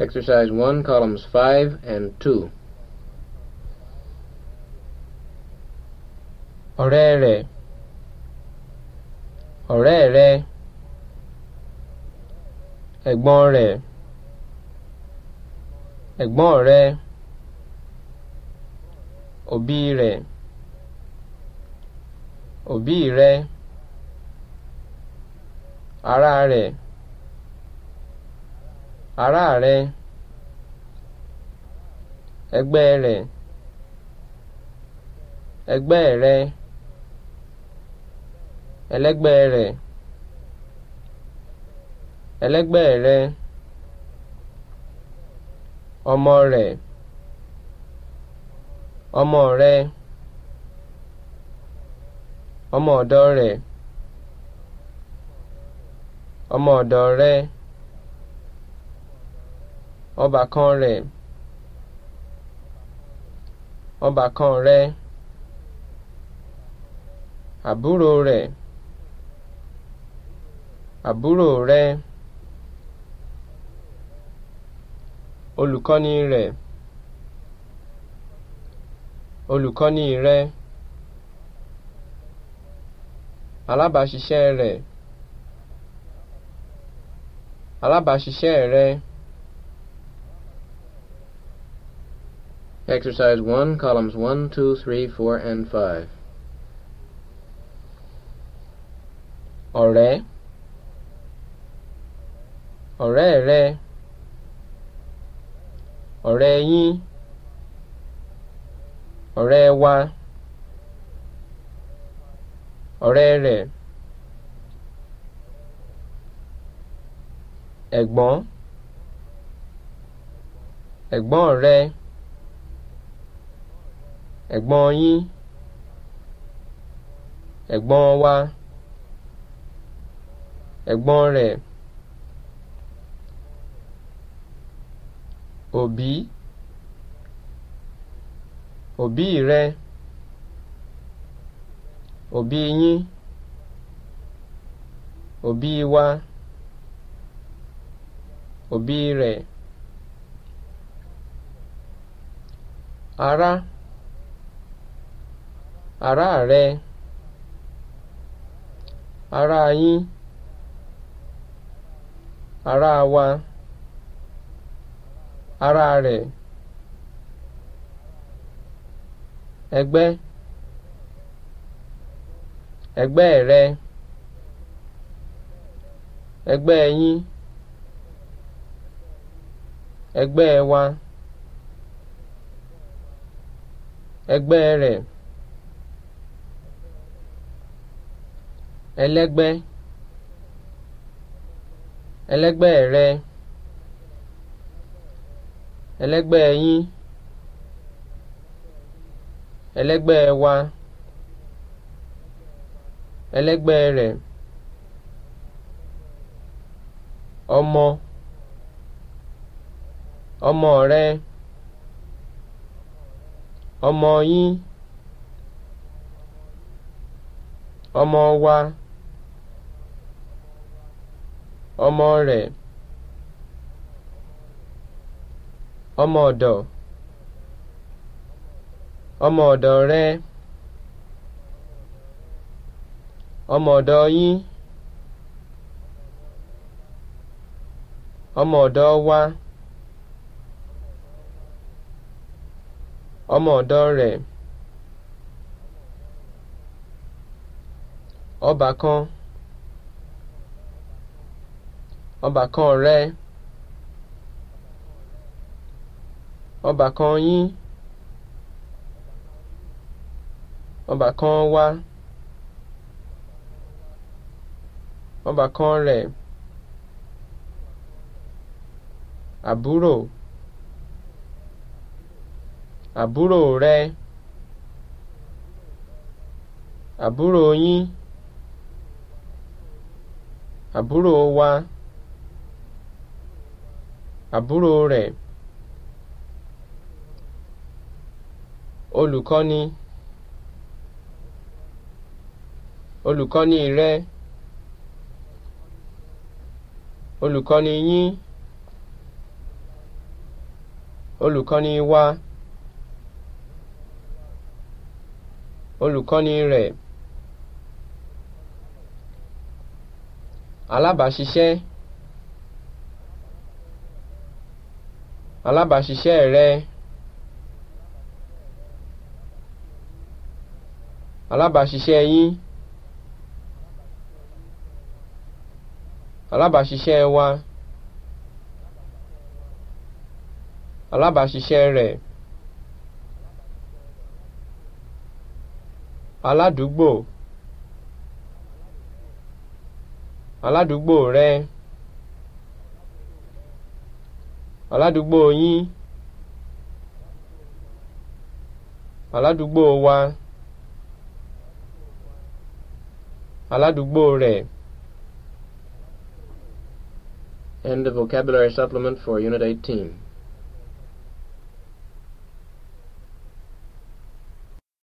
Exercise 1, columns 5 and 2. Orere. Ọ̀rẹ́ rẹ ẹ̀gbọ́n obire, obire, rẹ̀ Ara rẹ ẹgbẹ́ rẹ̀ ẹgbẹ́ rẹ ẹlẹ́gbẹ́ rẹ̀ ẹlẹ́gbẹ́ rẹ ọmọ rẹ̀ ọmọ rẹ ọmọ ọ̀dọ̀ rẹ̀ ọmọ ọ̀dọ̀ rẹ. ọbàkan rẹ̀ ọbàkan rẹ̀ àbúrò rẹ̀ àbúrò rẹ̀ olùkọ́ni rẹ̀ olùkọ́ni rẹ̀ alábàáṣiṣẹ́ rẹ̀ alábàáṣiṣẹ́ rẹ̀. Exercise 1, columns 1, 2, 3, 4, and 5. Ore. Ọ̀rẹ́ rẹ. Ọ̀rẹ́ yín. Ọ̀rẹ́ wa. Ọ̀rẹ́ rẹ̀. Ẹ̀gbọ́n. Ẹ̀gbọ́n rẹ. ẹ̀gbọ́n yín ẹ̀gbọ́n wa ẹ̀gbọ́n rẹ̀ òbí òbí rẹ òbí yín òbí wa òbí rẹ̀ ara. ara rẹ ara yín ara wa ara rẹ, ẹgbẹ, ẹgbẹ rẹ ẹgbẹ yín ẹgbẹ wa ẹgbẹ rẹ ẹlẹ́gbẹ́ ẹlẹ́gbẹ́ rẹ ẹlẹ́gbẹ́ yín ẹlẹ́gbẹ́ wa ẹlẹ́gbẹ́ rẹ̀ ọmọ ọmọ rẹ ọmọ yín ọmọ wa. ọmọ rẹ̀ ọmọ ọ̀dọ̀ ọmọ ọ̀dọ̀ rẹ ọmọ ọ̀dọ̀ yín ọmọ ọ̀dọ̀ wá, ọmọ ọ̀dọ̀ rẹ̀ kan ọbàkan rẹ ọbàkan yín ọbàkan wa ọbàkan rẹ̀ àbúrò àbúrò rẹ àbúrò yín àbúrò wa. Àbúrò rẹ̀ olùkọ́ni olùkọ́ni rẹ olùkọ́ni yín olùkọ́ni wa olùkọ́ni rẹ̀ alábàáṣiṣẹ́. alábàáṣiṣẹ́ rẹ alábàáṣiṣẹ́ yín alábàáṣiṣẹ́ wa alábàáṣiṣẹ́ rẹ̀ aládùúgbò aládùúgbò rẹ. aládùúgbò yín aládùúgbò wa aládùúgbò rẹ̀. End of vocabulary supplement for Unit 18.